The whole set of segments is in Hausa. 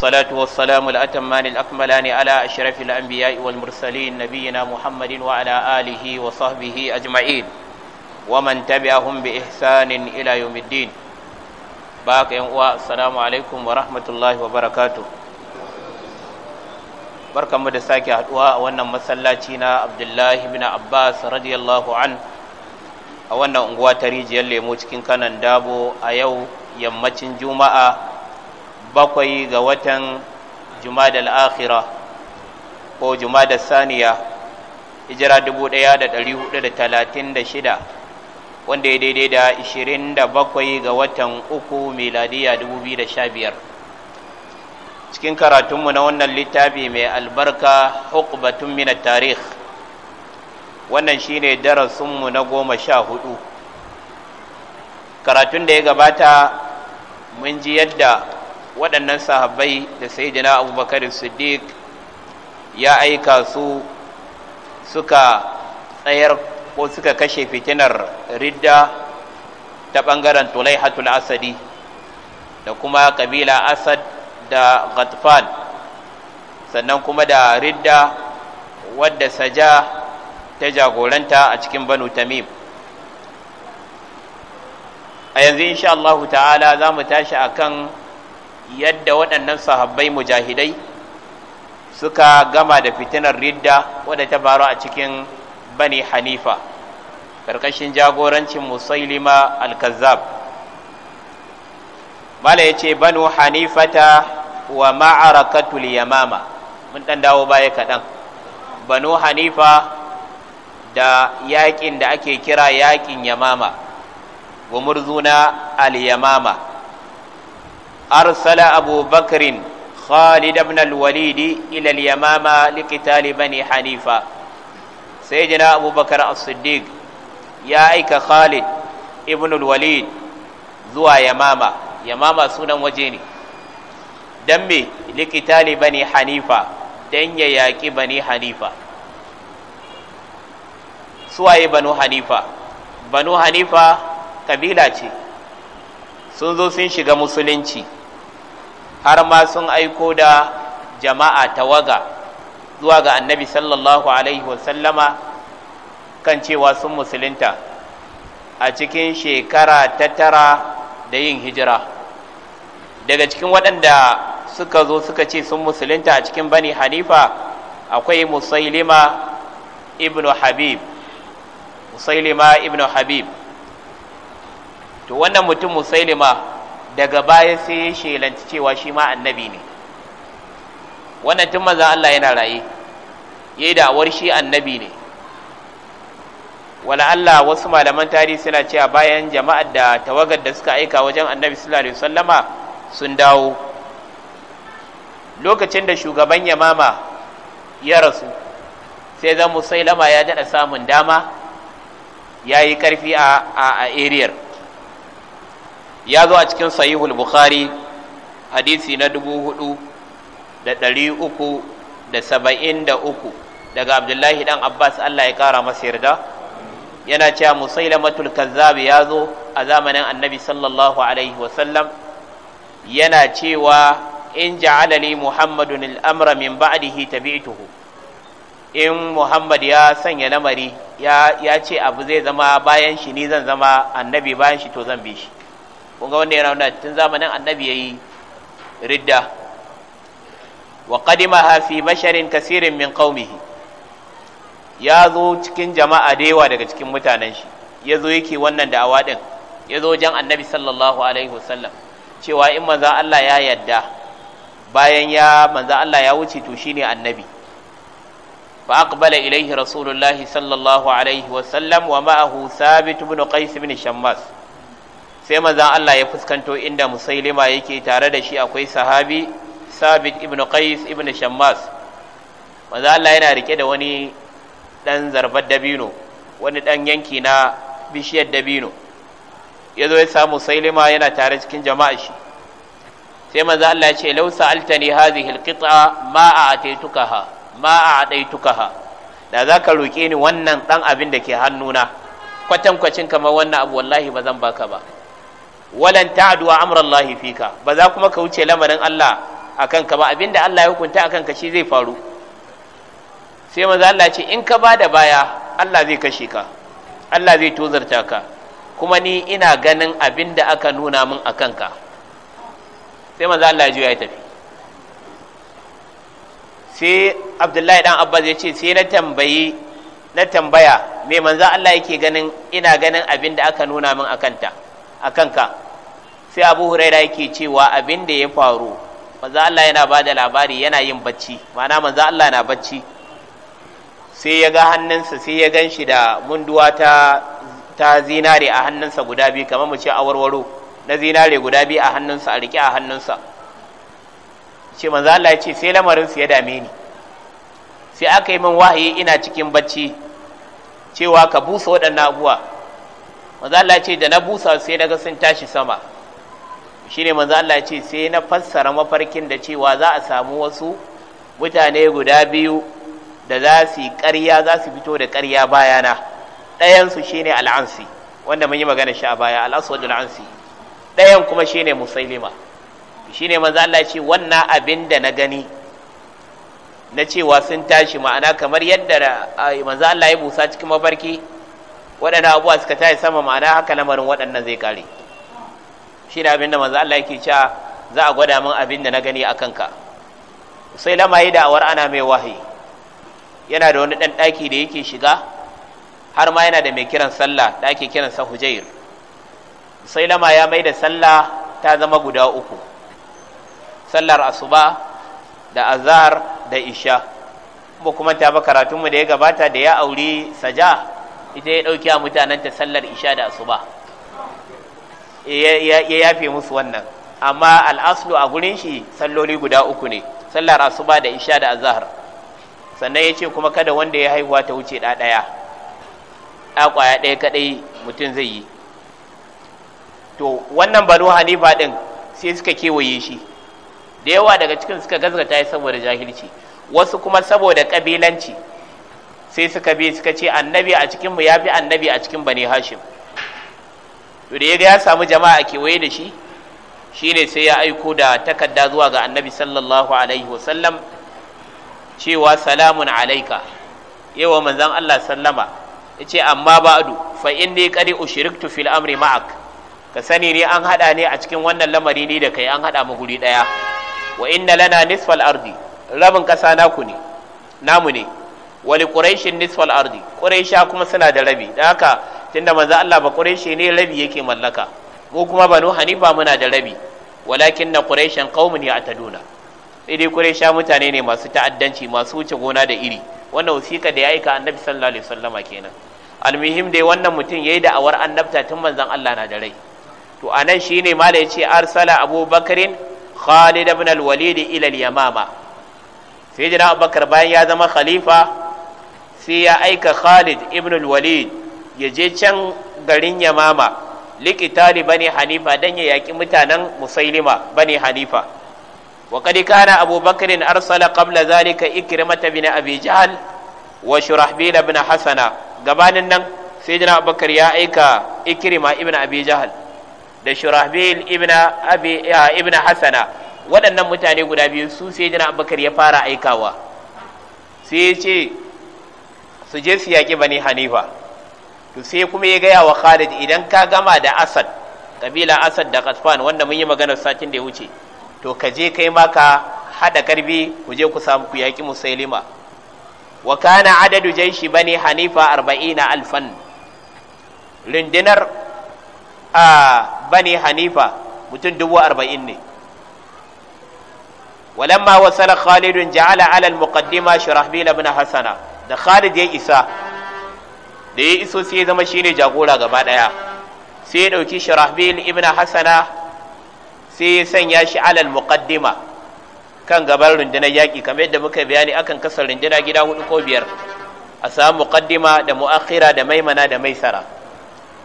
والصلاة والسلام الأتمان الأكملان على أشرف الأنبياء والمرسلين نبينا محمد وعلى آله وصحبه أجمعين ومن تبعهم بإحسان إلى يوم الدين باقي السلام عليكم ورحمة الله وبركاته barkanmu da sake haduwa a wannan masallaci na abdullahi bin abbas radiyallahu an a wannan unguwa ta rijiyar lemo cikin kanan dabo a yau yammacin juma'a bakwai ga watan jumadal akhira ko jumadal saniya hijira 1436 wanda ya daidai da 27 ga watan uku miladiya 2015 cikin karatunmu na wannan littafi mai albarka hukubatun mina tarih wannan shine darasinmu na goma sha hudu karatun da ya gabata mun ji yadda waɗannan sahabbai da sayyidina abubakar siddiq ya aika su suka tsayar ko suka kashe fitinar ridda ta ɓangaren tulaihatul asadi da kuma kabila asad da ghatfan sannan kuma da ridda wadda saja ta jagoranta a cikin banu tamim a yanzu insha Allah ta'ala za mu tashi akan yadda waɗannan sahabbai mujahidai suka gama da fitinar ridda wadda ta faru a cikin bani hanifa ƙarƙashin jagorancin musailima al-kazzab mala ya ce banu hanifata wa ma'arakatul yamama mun ɗan dawo baya kaɗan banu hanifa da yaƙin da ake kira yaƙin yamama gumurzuna al-yamama arsala abu bakrin khalid ibn al-walid ila yamama liqital bani hanifa sayyidina abubakar as-siddiq ya aika khalid ibn al-walid zuwa yamama yamama sunan waje ne dan me likitali bani hanifa dan ya yaƙi bani hanifa suwaye banu hanifa banu hanifa kabila ce sun zo sun shiga musulunci har ma sun aiko da jama'a tawaga zuwa ga annabi sallallahu alaihi wasallama kan cewa sun musulunta a cikin shekara ta tara da yin hijira daga cikin waɗanda suka zo suka ce sun musulunta a cikin bani hanifa akwai musailima ibnu habib musailima ibnu habib to wannan mutum musailima daga baya sai ya shelanci cewa shi ma annabi ne wannan tun maza Allah yana raye ya yi da'awar shi annabi ne wala Allah wasu malaman tarihi suna cewa bayan jama'ar da tawagar da suka aika wajen annabi sallallahu alaihi wasallama sun dawo lokacin da shugaban yamama ya rasu sai zan musailama ya daɗa samun dama ya yi ƙarfi a a ariyar ya zo a cikin sahihul bukhari hadisi na dubu hudu da ɗari uku da saba'in da uku daga abdullahi dan abbas allah ya kara masa yarda yana cewa musailamatul kazzab ya zo a zamanin annabi sallallahu alaihi wasallam yana cewa in ja'ala li muhammadun al'amra min ba'dihi tabi'tuhu in muhammad ya sanya lamari ya ce abu zai zama bayan shi ni zan zama annabi bayan shi to zan bi shi kunga ga wanda ya rauna tun zamanin annabi yi ridda wa kadima hafi basharin kasirin min kaumihi ya zo cikin jama'a da yawa daga cikin mutanen shi ya zo yake wannan da'awa din ya zo wajen annabi sallallahu alaihi wasallam cewa in manza Allah ya yadda bayan ya manza Allah ya wuce to shine annabi fa aqbala ilaihi rasulullahi sallallahu alaihi wasallam wa ma'ahu thabit ibn qais ibn shammas sai manzan Allah ya fuskanto inda musailima yake tare da shi akwai sahabi sabit ibn qais ibn shammas manzan Allah yana rike da wani dan zarbar dabino wani dan yanki na bishiyar dabino ya zo ya samu sailima yana tare cikin jama'a shi sai maza Allah ya ce law sa'altani hadhihi alqit'a ma a'taytukaha ma a'taytukaha da zaka roke ni wannan ɗan abin da ke hannuna kwatankwacin kamar wannan abu wallahi ba zan baka ba walan ta'du amra amrallahi fika ba za kuma ka wuce lamarin Allah akan ka ba abinda Allah ya hukunta akan ka shi zai faru sai manzo Allah ya ce in ka bada baya Allah zai kashe ka Allah zai tozarta ka kuma ni ina ganin abinda aka nuna min akan ka sai manzo Allah ya juya ya tafi sai Abdullahi dan Abbas ya ce sai na tambayi na tambaya me manzo Allah yake ganin ina ganin abinda aka nuna min ta a kanka sai abu huraira yake cewa abin da ya faru manzo Allah yana ba da labari yana yin bacci mana Maza Allah na bacci sai ya ga hannunsa sai ya gan shi da munduwa ta ta zinare a hannunsa guda biyu kamar mu ce awarwaro na zinare guda biyu a hannunsa a rike a hannunsa ce manzo Allah ya ce sai lamarin su ya dame ni sai aka yi min wahayi ina cikin bacci cewa ka busa waɗannan abuwa manzo Allah ce da na busa sai daga sun tashi sama ne manzo Allah ce sai na fassara mafarkin da cewa za a samu wasu mutane guda biyu da za su yi ƙarya za su fito da karya bayana ɗayansu shine al'ansi wanda mun yi magana shi a baya wajen al'ansi ɗayan kuma shine musailima ne manzo Allah ce wannan abin da na gani na cewa sun tashi ma'ana kamar yadda manzo Allah ya busa cikin mafarki waɗannan abuwa suka tayi sama ma'ana haka lamarin waɗannan zai kare shi da abinda manzo Allah yake cewa za a gwada min abin da na gani a ka. sai yi da awar ana mai wahayi yana da wani ɗan ɗaki da yake shiga har ma yana da mai kiran sallah da ake sa hujair sai lama ya mai da sallah ta zama guda uku sallar asuba da azhar da isha ba kuma ta ba karatunmu da ya gabata da ya auri saja ita ya ɗauki a mutanenta sallar isha da asuba eh, ya yafe musu wannan amma al'aslu a gurin shi salloli guda uku ne sallar asuba da isha da azahar sannan ya ce kuma kada wanda ya haihuwa ta wuce ɗa ɗaya ɗa ɗaya kaɗai mutum zai yi to wannan banu hanifa ɗin sai suka kewaye shi da yawa daga cikin suka gazgata ya saboda jahilci wasu kuma saboda ƙabilanci sai suka bi suka ce annabi a cikinmu ya yafi annabi a cikin bani hashim to da ga ya samu jama'a kewaye da shi shine sai ya aiko da takarda zuwa ga annabi sallallahu alaihi wasallam cewa salamun alaika yawa manzon Allah sallama yace amma ba'du fa inni kari ushiriktu fil amri ma'ak ka sani ne an hada ne a cikin wannan lamari ne da kai an hada mu guri daya wa inna lana nisfal ardi rabin kasa naku ne namu ne wali quraishin nisfal ardi quraisha kuma suna da rabi dan haka tunda manzo Allah ba quraishi ne rabi yake mallaka mu kuma banu hanifa muna da rabi walakin na quraishan qaumun ya ataduna dai quraisha mutane ne masu ta'addanci masu wuce gona da iri wannan wasiƙa da ya aika annabi sallallahu alaihi wasallama kenan almuhim dai wannan mutum yayi da awar annabta tun manzon Allah na da rai to anan shine mala yace arsala abubakarin khalid ibn al-walid ila al-yamama sai abubakar bayan ya zama khalifa sai ya aika Khalid ibn walid ya je can garin Yamama likitali bani Hanifa dan ya yaki mutanen Musailima bani Hanifa wa kana Abu arsala qabla zalika Ikrimah bin Abi jahal wa Shurahbil ibn Hasana gabanin nan sayyidina Abu ya aika Ikrimah ibn Abi jahal da Shurahbil ibn Abi ibn Hasana waɗannan mutane guda biyu su sai abubakar ya fara aikawa sai ya ce su je su yaƙi bani hanifa to sai kuma ya gaya wa khalid idan ka gama da asad kabila asad da kasfan wanda mun yi maganar satin da ya wuce to ka je kai ma ka haɗa karbi ku je ku samu ku yaƙi musailima wa kana adadu jaishi bani hanifa arba'ina alfan rundunar a bani hanifa mutum dubu arba'in ne ولما وصل خالد جعل على المقدمة شرحبيل بن حسنه da Khalid ya isa da ya iso sai ya zama shine jagora gaba daya sai ya dauki Shirahbil ibn Hasana sai ya sanya shi alal muqaddima kan gaban rundunar yaƙi kamar yadda muka bayani akan kasar rundunar gida hudu ko biyar a samu muqaddima da mu'akhira da maimana da maisara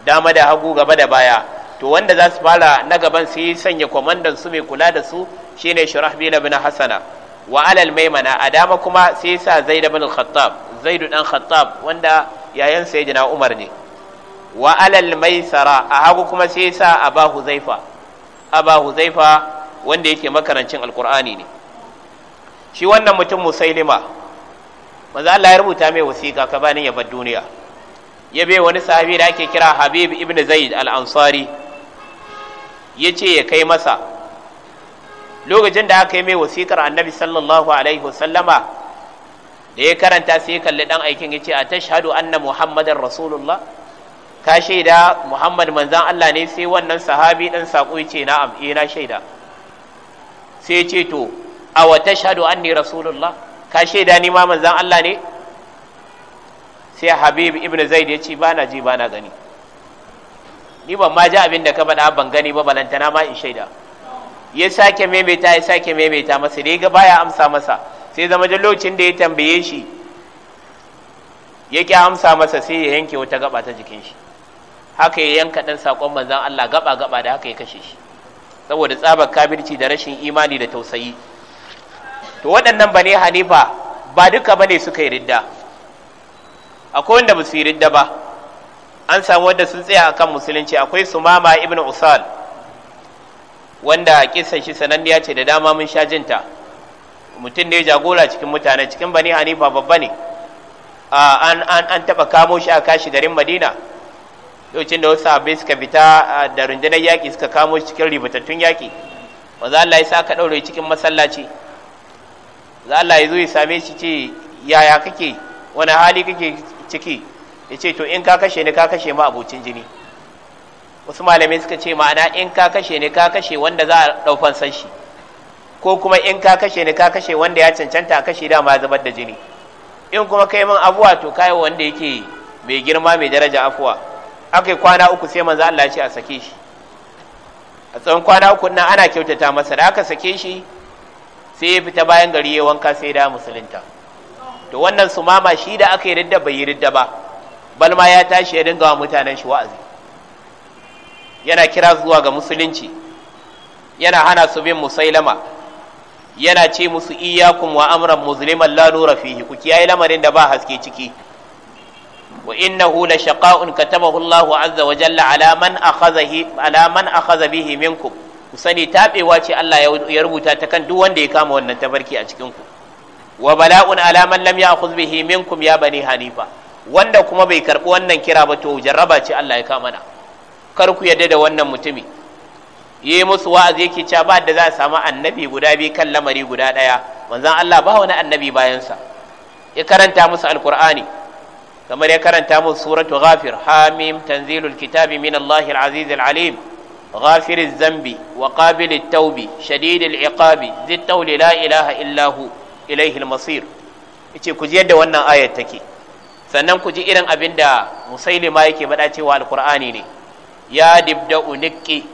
dama da hagu gaba da baya to wanda za su fara na gaban sai ya sanya kwamandan su mai kula da su shine shirahbil ibn Hassana. wa alal maimana a dama kuma sai sa zaid ibn al-khattab zaid dan khattab wanda yayan sayyidina umar ne wa alal maisara a hagu kuma sai sa aba huzaifa aba huzaifa wanda yake makarancin alkur'ani ne shi wannan mutum musailima manzo Allah ya rubuta mai wasiƙa ka bani ya bar duniya ya bai wani sahabi da ake kira Habib ibn Zaid al-Ansari yace ya kai masa lokacin da aka yi mai wasiƙar annabi sallallahu alaihi wasallama da ya karanta sai ya kalli ɗan aikin ya ce a tashhadu anna muhammadan rasulullah ka shaida muhammad manzan allah ne sai wannan sahabi dan sako ya ce na'am eh na shaida sai ya ce to a wa tashhadu anni rasulullah ka shaida ni ma manzan allah ne sai habib ibn zaid ya ce ba na ji ba na gani ni ban ma ji abin da ka faɗa ban gani ba balantana ma in shaida ya sake maimaita ya sake maimaita masa da ya ga baya amsa masa sai zama jallocin da ya tambaye shi ya ƙi amsa masa sai ya yanke wata gaba ta jikin shi haka ya yanka ɗan saƙon manzan Allah gaba gaba da haka ya kashe shi saboda tsabar kabirci da rashin imani da tausayi to waɗannan bane hanifa ba duka bane suka yi ridda akwai wanda ba su yi ridda ba an samu wanda sun tsaya akan musulunci akwai sumama ibnu usal wanda kisan shi sananniya ce da dama mun sha jinta mutum ne jagora cikin mutane cikin bani hanifa babba ne an taɓa taba kamo shi a kashi garin madina lokacin da wasu abin suka fita da rundunar yaƙi suka kamo shi cikin ribatattun yaƙi za Allah ya sa ka ɗaure cikin masallaci za Allah ya zo ya same shi ce yaya kake wani hali kake ciki ya ce to in ka kashe ni ka kashe ma abocin jini wasu malamai suka ce ma'ana in ka kashe ne ka kashe wanda za a ɗaufan san shi ko kuma in ka kashe ne ka kashe wanda ya cancanta a kashe dama ya zubar da jini in kuma kai min abuwa to kai wanda yake mai girma mai daraja afuwa aka yi kwana uku sai manzo Allah ya a sake shi a tsawon kwana uku nan ana kyautata masa da aka sake shi sai ya fita bayan gari ya wanka sai da musulunta to wannan sumama shi da aka yi ridda bai yi ridda ba balma ya tashi ya dinga wa mutanen shi wa'azi yana kira zuwa ga musulunci yana hana su bin musailama yana ce musu iyakun wa amran musulman la fihi ku kiyaye lamarin da ba haske ciki wa innahu la shaqa'un katabahu Allahu azza wa jalla ala man akhadhahi ala man akhadha bihi minkum ku sani tabewa ce Allah ya rubuta ta kan duk wanda ya kama wannan tabarki a cikin ku wa bala'un ala man lam ya'khudh bihi minkum ya bani hanifa wanda kuma bai karbi wannan kira ba to jarraba ce Allah ya kama na kar ku yarda da wannan mutumi yi musu wa'azi yake cewa ba da za a samu annabi guda biyu kan lamari guda ɗaya manzon Allah ba wani annabi bayansa ya karanta musu alkur'ani kamar ya karanta musu suratu ghafir hamim tanzilul kitabi min Allahi al-aziz al-alim غافر الذنب وقابل التوب شديد العقاب ذي la ilaha illa-hu هو إليه المصير yace ku ji yadda wannan ayar take sannan ku ji irin abin da musailima yake bada cewa alkur'ani ne ya dibda uniki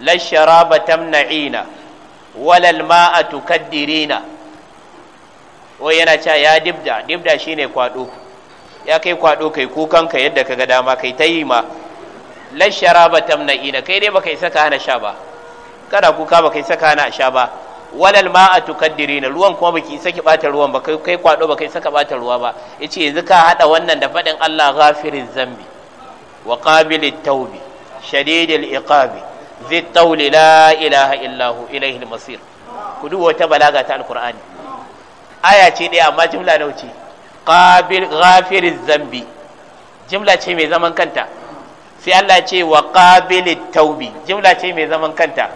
la sharaba tamna'ina wala al-ma'a tukaddirina o yana cewa ya dibda dibda shine kwado ya kai kwado kai kukan ka yadda kaga dama kai tayi ma la sharaba tamna'ina kai dai baka isa hana sha ba kana kuka baka isa hana sha ba walal ma a tukaddiri ruwan kuma baki isa ki bata ruwan ba kai kwado baka isa ka ruwa ba yace yanzu ka haɗa wannan da faɗin Allah ghafirin zambi وقابل التوب شديد العقاب ذي الطول لا إله إلا هو إليه المصير كدو وتبلاغة القرآن آية دي أما جملة نوتي قابل غافر الذنب جملة شيء من زمن كنت sai Allah ce wa qabilit taubi jimla ce mai zaman kanta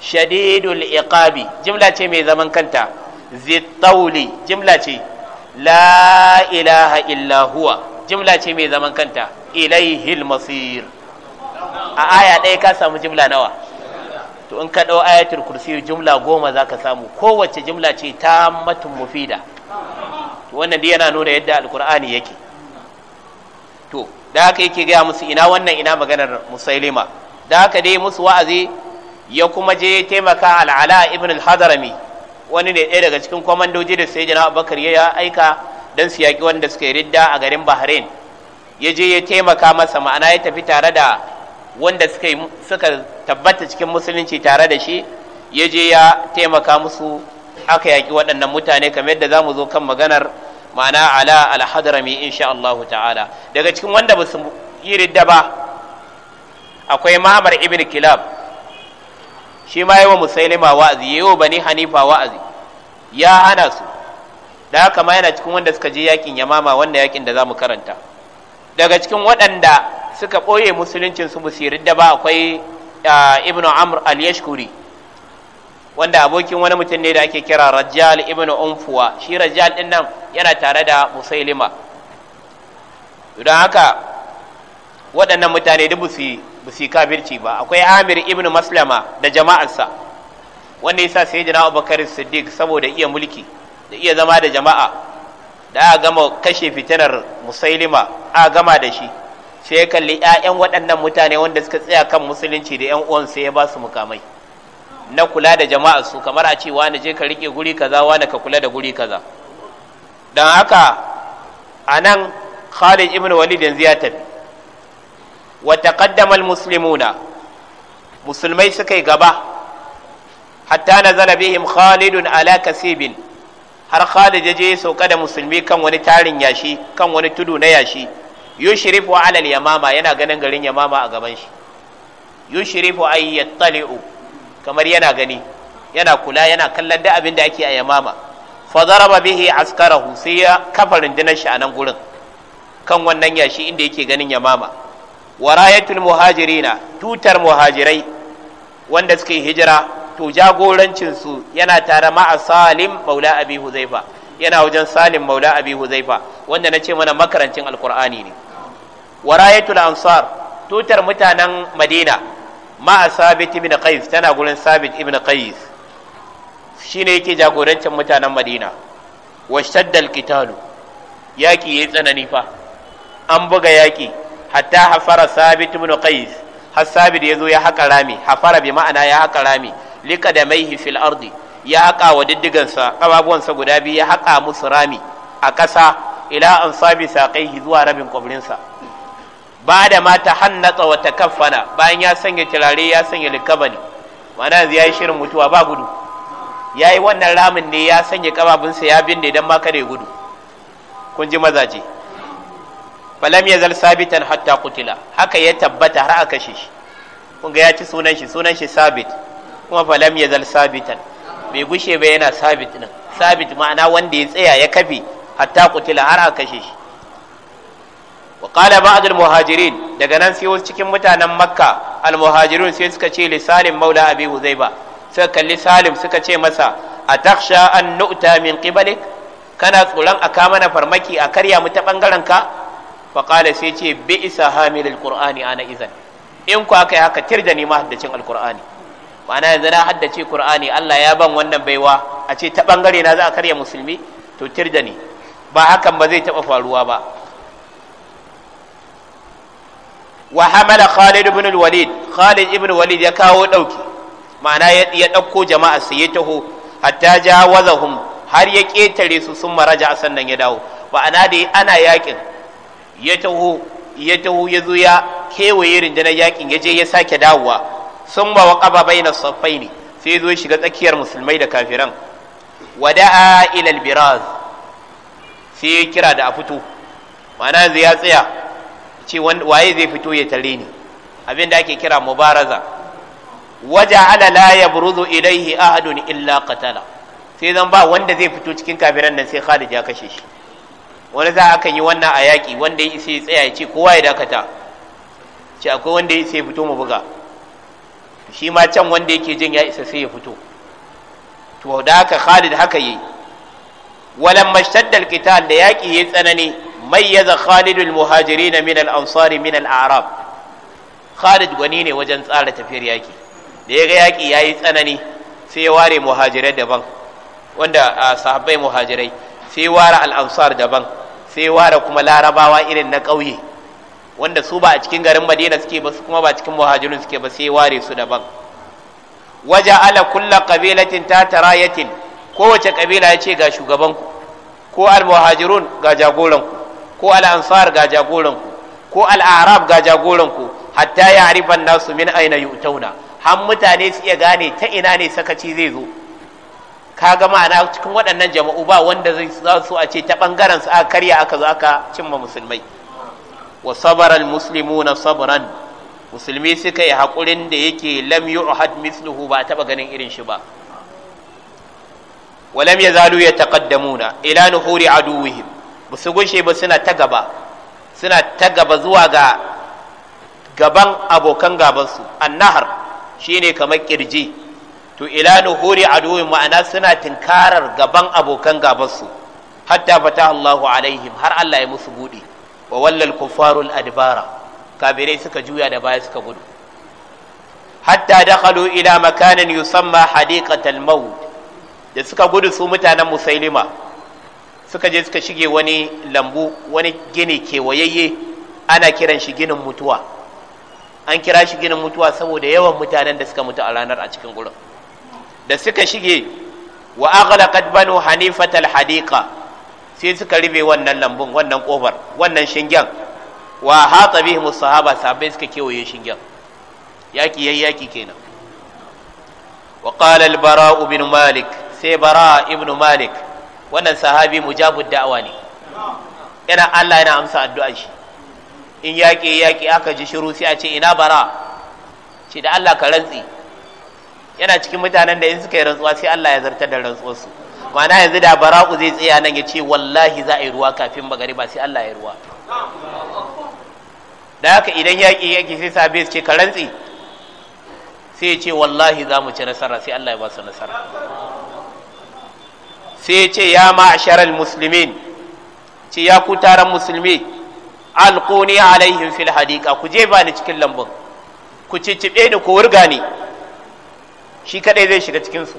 shadidul iqabi jimla ce mai zaman kanta zittauli jimla ce la ilaha illa jimla ce mai zaman kanta ilaihil masir a aya ɗaya ka samu jimla nawa to in ka ɗau ayatul kursi jimla goma za ka samu kowace jimla ce ta matun mufida to wannan dai yana nuna yadda alkur'ani yake to da haka yake gaya musu ina wannan ina maganar musailima da haka dai musu wa'azi ya kuma je taimaka al'ala ibn al-hadarami wani ne ɗaya daga cikin kwamandoji da sai jana abubakar ya aika Dan su yaƙi wanda suka yi ridda a garin bahrain ya je ya taimaka masa ma'ana ya tafi tare da wanda suka tabbata cikin musulunci tare da shi ya je ya taimaka musu aka yaƙi waɗannan mutane kamar yadda za mu zo kan maganar ma'ana ala alhadrami insha Allah ta'ala daga cikin wanda ba su yi ridda ba akwai ma'amar ibn kilab shi ma yi wa wa'azi yi wa bani hanifa wa'azi ya hana su da haka ma yana cikin wanda suka je yakin yamama wanda yakin da za mu karanta daga cikin waɗanda suka ɓoye musuluncin su musirin da ba akwai ibnu amr al-yashkuri wanda abokin wani mutum ne da ake kira rajal Ibn umfuwa shi rajal din nan yana tare da musailima don haka waɗannan mutane duk busi kabirci ba akwai amir Ibn maslama da jama'arsa wanda yasa sayyidina abubakar siddiq saboda iya mulki da iya zama da jama'a da a gama kashe fitinar musailima a gama da shi sai ya kalli 'ya'yan waɗannan mutane wanda suka tsaya kan musulunci da 'yan uwan sai ya ba su mukamai na kula da jama'a su kamar a ce wani je ka riƙe guri kaza wani ka kula da guri kaza don haka a nan khalid ibn walid yanzu ya tafi wa taqaddama musulmai suka yi gaba hatta nazala bihim khalidun ala kasibin har Khalid ya je sauka da musulmi kan wani tarin yashi kan wani tudu na yashi yushrifu ala yamama yana ganin garin yamama a gaban shi yushrifu ay yattali'u kamar yana gani yana kula yana kallon da abin da ake a yamama fa daraba bihi askarahu sai ya kafa rundunar shi a nan gurin kan wannan yashi inda yake ganin yamama warayatul muhajirina tutar muhajirai wanda suke hijira jagorancin jagorancinsu yana tare ma'a salim maula abi huzaifa yana wajen salim maula abi huzaifa wanda na ce mana makarancin alkur'ani ne warayatul ansar tutar mutanen madina ma'a sabit ibn qais tana gurin sabit ibn qais shine yake jagorancin mutanen madina washtadda alqitalu yaki yayi tsanani fa an buga yaki hatta hafara sabit ibn qais har sabit yazo ya haka rami hafara bi ma'ana ya haka rami Lika da mai fil ardi ya haƙa wa diddigansa ƙababuwansa guda biyu ya haƙa musu rami a ƙasa ila an sami saƙaihi zuwa rabin ƙwabrinsa ba da ma ta hannatsa wata kafana bayan ya sanya turare ya sanya likabani mana yanzu ya yi shirin mutuwa ba gudu ya yi wannan ramin ne ya sanya ƙababunsa ya binne don ma kada ya gudu kun ji mazaje falam ya zal sabitan hatta kutila haka ya tabbata har aka kashe shi kun ga ya ci sunan shi sunan shi sabit kuma falam ya zal sabitan bai gushe ba yana sabit din sabit ma'ana wanda ya tsaya ya kafe hatta kutila har a kashe shi wa qala ba'd al muhajirin daga nan sai wasu cikin mutanen makka al muhajirun sai suka ce li salim maula abi huzaiba sai kalli salim suka ce masa atakhsha an nu'ta min qibalik kana tsoron a kama na farmaki a karya mu ta bangaren ka fa qala sai ce bi isa al qur'ani ana izan in ku aka yi haka tir da ni mahaddacin alqur'ani ma'ana yanzu na haddace qur'ani Allah ya ban wannan baiwa a ce ta bangare na za a karya musulmi to tirda ne ba hakan ba zai taba faruwa ba wa hamala Khalid ibn walid Khalid ibn Walid ya kawo dauki ma'ana ya dauko jama'a sai ya taho hatta jawazahum har ya ketare su sun maraja a sannan ya dawo ma'ana da ana yakin ya taho ya taho ya zo ya kewaye rundunar yakin ya je ya sake dawowa sun ba wa ƙaba bai na saffai ne sai zo shiga tsakiyar musulmai da kafiran wada'a ilal biraz sai kira da a fito Mana zai ya tsaya ce waye zai fito ya tare ni abin ake kira mubaraza waje ala la ya a ilaihi ahadun illa qatala sai zan ba wanda zai fito cikin kafiran nan sai Khalid ya kashe shi wani za a kan yi wannan a yaƙi wanda ya isa ya tsaya ya ce kowa ya dakata ce akwai wanda ya isa ya fito mu buga shi ma can wanda yake jin ya isa sai ya fito to da haka Khalid haka yi walan mashtaddal qital da yaki yayi tsanani mayyaza Khalidul muhajirin min al-ansari min al-a'rab Khalid gwani ne wajen tsara tafiyar yaki da ya ga yaki yayi tsanani sai ya ware muhajirai daban wanda sahabbai muhajirai sai ware al-ansar daban sai ware kuma larabawa irin na ƙauye wanda su ba a cikin garin madina suke ba su kuma ba cikin muhajirin suke ba sai ware su daban waja ala kulla qabilatin ta tarayatin kowace kabila ya ce ga shugabanku ko al muhajirun ga jagoranku ko al ansar ga jagoranku ko al arab ga jagoranku hatta ya arifan nasu min aina yu'tauna har mutane su iya gane ta ina ne sakaci zai zo ka ga ma'ana cikin waɗannan jama'u ba wanda zai za su a ce ta ɓangaren su aka karya aka zo aka cimma musulmai wa sabara almuslimuna sabran musulmi suka yi haƙurin da yake lam yu'had misluhu ba taɓa ganin irin shi ba wa lam yazalu yataqaddamuna ila nuhuri aduwihim ba su gushe ba suna ta gaba suna ta gaba zuwa ga gaban abokan gabansu annahar shine kamar kirji to ila nuhuri aduwin ma'ana suna tinkarar gaban abokan gabansu hatta fata Allahu alaihim har Allah ya musu buɗe wa wallal kuffarul adbara kabirai suka juya da baya suka gudu hatta dakhalu ila makanin yusamma hadiqatal maut da suka gudu su mutanen musailima suka je suka shige wani lambu wani gini kewayayye ana kiran shi ginin mutuwa an kira shi ginin mutuwa saboda yawan mutanen da suka mutu a ranar a cikin gurin da suka shige wa aghlaqat banu hanifatal hadiqa sai suka ribe wannan lambun wannan kofar wannan shingen wa hatsa bihim sahaba sahabbai suka kewaye shingen yaki yayi yaki kenan wa qala al bara ibn malik sai bara ibn malik wannan sahabi mujabud da'awa ne yana Allah yana amsa addu'ar shi in yaƙi yaƙi aka ji shiru sai a ce ina bara ce da Allah ka rantsi yana cikin mutanen da in suka yi rantsuwa sai Allah ya zartar da rantsuwarsu mana yanzu da bara'u zai tsaya nan ya ce wallahi za a yi ruwa kafin ba sai Allah ya ruwa da haka idan yaƙi yaƙi sai sabe ce ka rantsi sai ya ce wallahi za mu ci nasara sai Allah ya ba su nasara sai ya ce ya ma ma'asharal muslimin ce ya ku taron musulmi alquni alaihim fil hadika ku je ba ni cikin lambun ku ciccibe ni ku wurga ni shi kaɗai zai shiga cikin su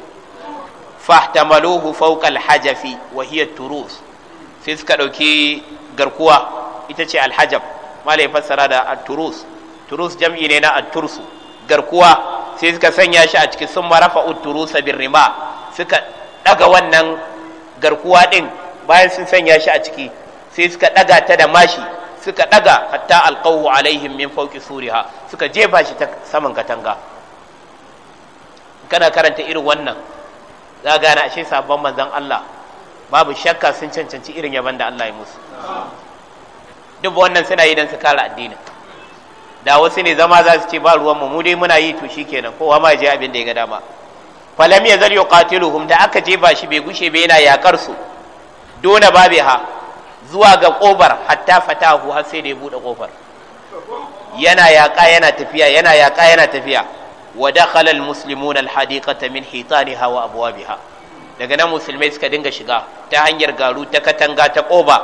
fahtamaluhu fawqa alhajafi wa hiya turus sai suka dauki garkuwa ita ce alhajab malai fassara da turus turus jam'i ne na at garkuwa sai suka sanya shi a cikin sun marafa uturusa bin rima suka daga wannan garkuwa din bayan sun sanya shi a ciki sai suka daga ta da mashi suka daga hatta alqawu alaihim min fawqi suriha suka jefa shi ta saman katanga kana karanta irin wannan za gane ashe sabon manzon Allah babu shakka sun cancanci irin yaban da Allah ya musu duk wannan suna yi don su kare addinin da wasu ne zama za su ce ba ruwan mu dai muna yi to shikenan kowa ma je abin da ya ga dama falam yazal yuqatiluhum da aka je ba shi bai gushe bai yana yakar su dona ha. zuwa ga kofar hatta fatahu har sai da ya bude kofar yana yaka yana tafiya yana yaka yana tafiya wa dakhala almuslimuna alhadiqata min hitaniha wa abwabiha daga nan musulmai suka dinga shiga ta hanyar garu ta katanga ta koba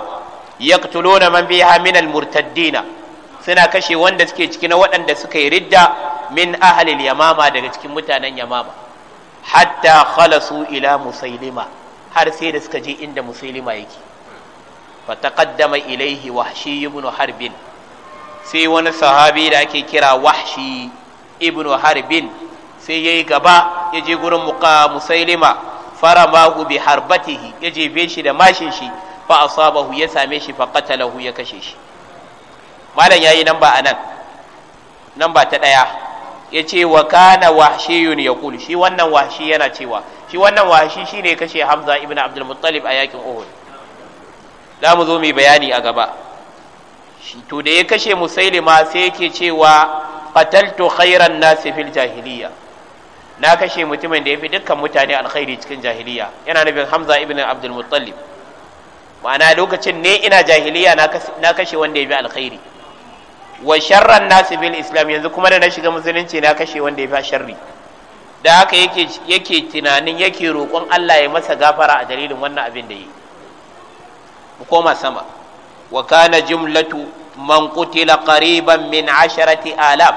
yaqtuluna man biha min murtaddina suna kashe wanda suke ciki na waɗanda suka yi ridda min ahlil yamama daga cikin mutanen yamama hatta khalasu ila musailima har sai da suka je inda musailima yake taqaddama ilaihi wahshi ibn harbin sai wani sahabi da ake kira wahshi Ibnu harbin sai ya yi gaba ya je gurin muka musailima faramahu bi harbatihi ya jebe shi da mashin shi fa asabahu ya same shi fa qatalahu ya kashe shi malam yayi namba anan namba ta daya yace wa kana wahshiyun yaqul shi wannan wahshi yana cewa shi wannan wahshi shine kashe Hamza ibn Abdul Muttalib a yakin Uhud za mu zo mu bayani a gaba shi to da ya kashe Musailima sai yake cewa qataltu khairan nasi fil jahiliya na kashe mutumin da ya fi dukkan mutane alkhairi cikin jahiliya yana nufin hamza ibn abdul muttalib ma'ana lokacin ne ina jahiliya na kashe wanda ya fi alkhairi wa sharran nasi bil islam yanzu kuma da na shiga musulunci na kashe wanda ya fi sharri da haka yake yake tunanin yake roƙon Allah ya masa gafara a dalilin wannan abin da yi mu koma sama wa kana jumlatu man kutila qariban min asharati alaf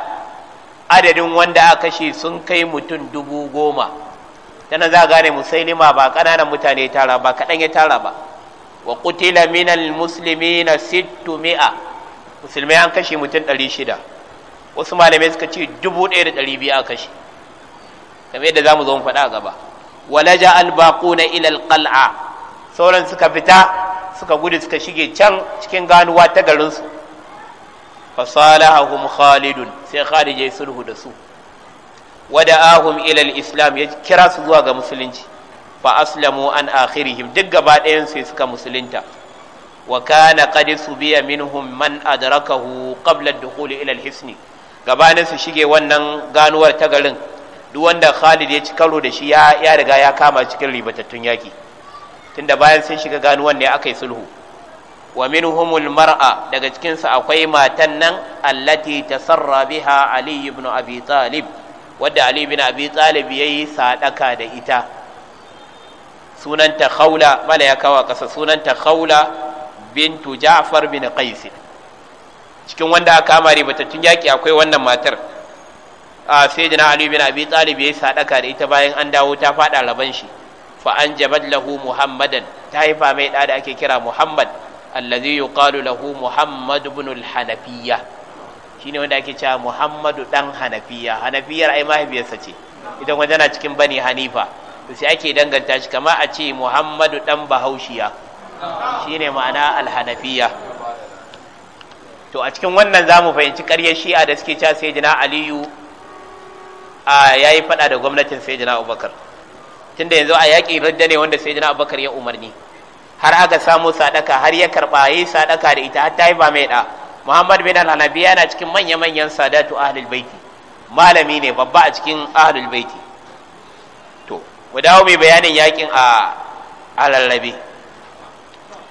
adadin wanda aka kashe sun kai mutum dubu goma tana za gane musailima ba ƙananan mutane tara ba kaɗan ya tara ba wa kutila minal muslimina sittu mi'a musulmai an kashe mutum ɗari shida wasu malamai suka ce dubu ɗaya da ɗari biyu a kashe kamar yadda za mu zo mu faɗa a gaba walaja na ila alqal'a sauran suka fita suka gudu suka shige can cikin ganuwa ta garinsu fasalahahum khalidun sai khalid ya sulhu da su wada'ahum ila islam ya kira su zuwa ga musulunci fa aslamu an akhirihim duk gaba ɗayan sai suka musulunta wa kana qad subiya minhum man adrakahu qabla ad-dukhul ila al-hisn gabanin su shige wannan ganuwar ta garin duk wanda Khalid ya ci karo da shi ya riga ya kama cikin ribatattun yaki tunda bayan sun shiga ganuwar ne aka yi sulhu wa minhumul mar'a daga cikin akwai matan nan allati tasarra biha ali ibn abi wadda ali ibn abi talib yayi sadaka da ita sunanta khawla mala ya kawa kasa sunanta khawla bintu ja'far bin cikin wanda aka amare batattun yaki akwai wannan matar a sai jina ali bin abi talib yayi sadaka da ita bayan an dawo ta fada raban shi fa an jabad lahu muhammadan ta haifa mai da da ake kira muhammad alladhi yuqalu lahu muhammad ibn al-hanafiyya shine wanda ake cewa muhammadu dan hanafiya hanafiyar ai mahaifiyarsa ce ita kuma tana cikin bani hanifa to sai ake danganta shi kama a ce muhammadu dan bahaushiya shine ma'ana al-hanafiya to a cikin wannan zamu fahimci ƙaryar shi'a da suke cewa sayyidina aliyu a yayi fada da gwamnatin sayyidina abubakar tunda yanzu a yaƙi radda ne wanda sayyidina abubakar ya umarni har aka samu sadaka har ya karba yi sadaka da ita har ta yi ba mai da muhammad bin al-hanabi yana cikin manya manyan sadatu ahlul baiti malami ne babba a cikin ahlul baiti to mu dawo mai bayanin yakin a alallabe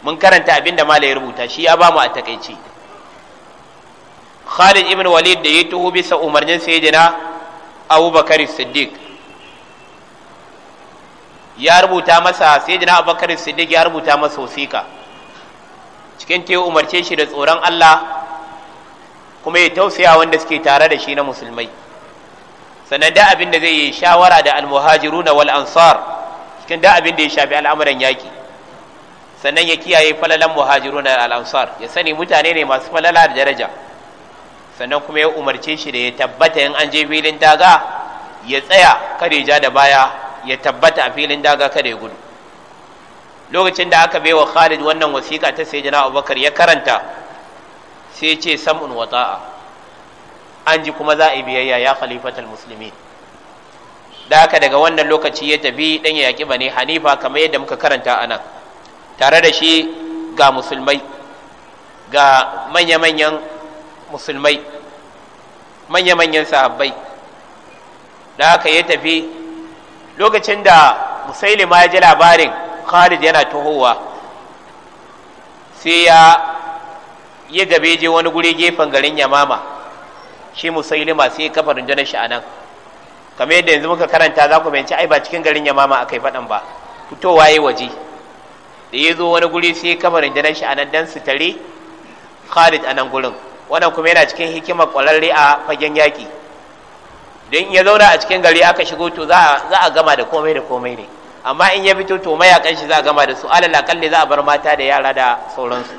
mun karanta abin da malai rubuta shi ya bamu a takaici khalid ibn walid da ya tuhu bisa umarnin sayyidina abubakar siddiq ya rubuta masa sai jina abakar siddiq ya rubuta masa wasiƙa cikin ta umarce shi da tsoron allah kuma ya tausaya wanda suke tare da shi na musulmai sannan da abin da zai yi shawara da almuhajiru na wal ansar cikin da abin da ya shafi al'amuran yaƙi sannan ya kiyaye falalan muhajiru na al ansar ya sani mutane ne masu falala da daraja sannan kuma ya umarce shi da ya tabbata in an je filin daga ya tsaya kare ja da baya ya tabbata a filin daga kada ya gudu lokacin da aka baiwa Khalid wannan wasiƙa ta sayyidina Abubakar ya karanta sai ce sam'un wa ta'a an ji kuma za a yi biyayya ya khalifatul muslimin da haka daga wannan lokaci ya tafi dan ya yaki bane Hanifa kamar yadda muka karanta anan tare da shi ga musulmai ga manya-manyan musulmai manya-manyan sahabbai da haka ya tafi lokacin da musailima ya ji labarin khalid yana tohowa sai ya yi gabe je wani guri gefen garin yamama shi musailima sai kafa rundunar shi a nan kamar yadda yanzu muka karanta za ku bayanci ai ba cikin garin yamama aka yi faɗan ba fitowa ya waje da ya zo wani guri sai kafa rundunar shi a nan don su tare khalid a gurin wannan kuma yana cikin hikimar ƙwararre a fagen yaƙi don in ya zauna a cikin gari aka shigo to za a gama da komai da komai ne amma in ya fito to mayakan shi za a gama da su alal akalle za a bar mata da yara da sauransu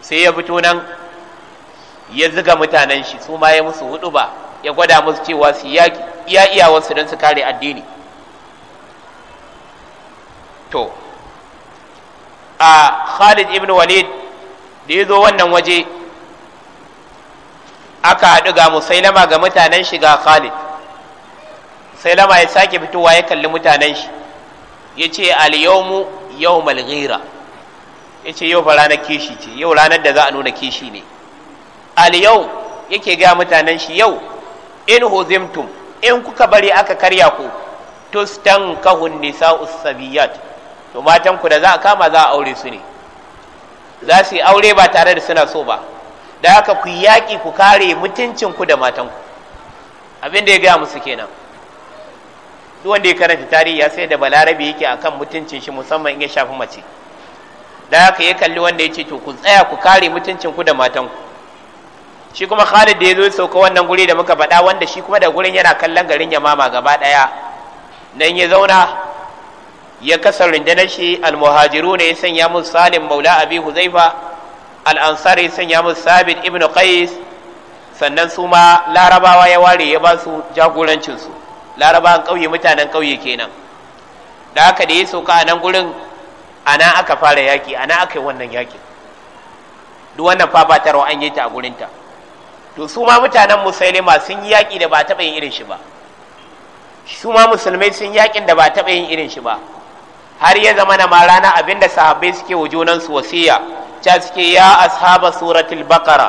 sai ya fito nan ya ziga mutanen shi su ma ya musu hudu ba ya gwada musu cewa su ya iya iyawarsu don su kare addini to a khalid ibn walid da ya zo wannan waje aka haɗu ga musailama ga mutanen shi ga khalid musailama ya sake fitowa ya kalli mutanen shi ya ce alyawmu yawmal ghira ya ce yau fa ranar kishi ce yau ranar da za a nuna kishi ne alyau yake ga mutanen shi yau in huzimtum in kuka bari aka karya ku Tustan tustankahun nisa usabiyat to matan ku da za a kama za a aure su ne za su yi aure ba tare da suna so ba da haka ku yaƙi ku kare mutuncinku da matanku abin ya gaya musu kenan duk wanda ya karanta tarihi ya sai da balarabe yake akan mutuncin shi musamman in ya shafi mace da haka ya kalli wanda ya ce to ku tsaya ku kare mutuncinku da matanku shi kuma Khalid da ya zo ya sauka wannan guri da muka faɗa wanda shi kuma da gurin yana kallon garin ya mama gaba ɗaya nan ya zauna ya kasa rundunar shi almuhajiru ne ya sanya musu salim maula abi huzaifa al'ansari sanya musu sabit ibn qais sannan su ma larabawa ya ware ya ba su jagorancinsu larabawan ƙauye mutanen ƙauye kenan da haka da ya sauka a nan gurin ana aka fara yaƙi ana aka yi wannan yaƙi duk wannan fafatarwa an yi ta a gurinta to su ma mutanen musulma sun yi yaƙi da ba taɓa yin irin shi ba su ma musulmai sun yaƙin da ba taɓa yin irin shi ba har ya zama na ma rana abinda sahabbai suke wa junansu wasiya ca ya ashaba suratul baqara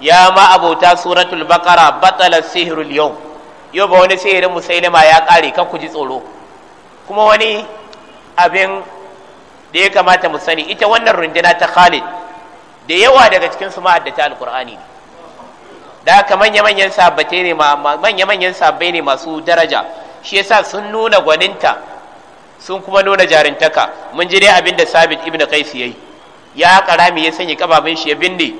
ya ma abota suratul baqara batala sihrul yau yau ba wani sihirin musailima ya kare kan ku ji tsoro kuma wani abin da ya kamata mu sani ita wannan runduna ta Khalid da yawa daga cikin su ma'addata alqur'ani ne da haka manya-manyan sabbatai ne manya-manyan sabbai ne masu daraja shi yasa sun nuna gwaninta sun kuma nuna jarintaka mun ji dai abin da Sabit ibn Qais yayi ya karami ya sanya kababen shi ya binne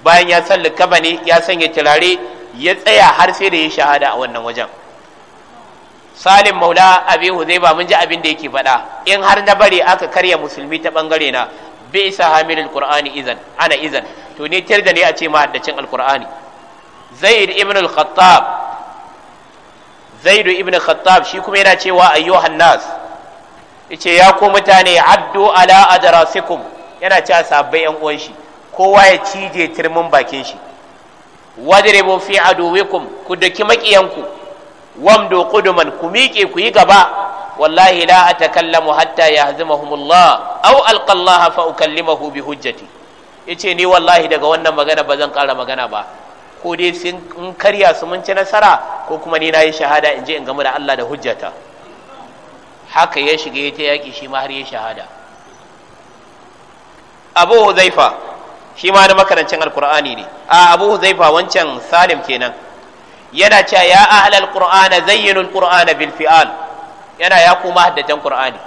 bayan ya salli kaba ne ya sanya turare ya tsaya har sai da ya shahada a wannan wajen salim maula abi ba mun ji abin da yake faɗa in har na bare aka karya musulmi ta bangare na bi isa hamilul qur'ani izan ana izan to ne tirda ne a ce ma haddacin alqur'ani zaid ibn al-khattab zaid ibn al-khattab shi kuma yana cewa ayyuhan nas yace ya ku mutane addu ala adrasikum yana cewa sabbai yan uwan shi kowa ya cije turmin bakin shi wadribu fi aduwikum ku daki makiyanku wamdu quduman ku miƙe ku yi gaba wallahi la atakallamu hatta yahzimahumullah aw alqallaha fa ukallimahu bi hujjati yace ni wallahi daga wannan magana ba zan ƙara magana ba ko dai sun in karya su mun ci nasara ko kuma ni nayi shahada in je in gamu da Allah da hujjata haka ya shiga ya ta yaƙi shi ma har ya shahada abu huzaifa shi ma na makarancin alkur'ani ne a abu huzaifa wancan salim kenan yana cewa ya ahlal qur'ana zayyinul qur'ana bil yana ya kuma haddatan qur'ani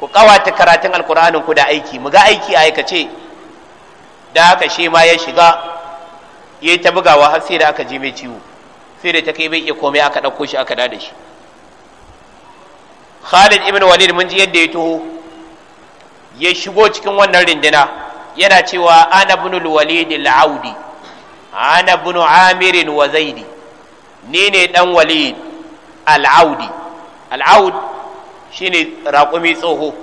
ku kawata karatun alkur'anin ku da aiki mu ga aiki a aikace da haka shi ma ya shiga yayi ta bugawa har sai da aka ji mai ciwo sai da ta kai bai iya komai aka ɗauko shi aka da shi Khalid ibn Walid mun ji yadda ya tuho. ya shigo cikin wannan rindina yana cewa ana bin walidi la'audi ana bin amirin wa zaidi ni ne dan walid al'audi audi shi ne raƙumi tsoho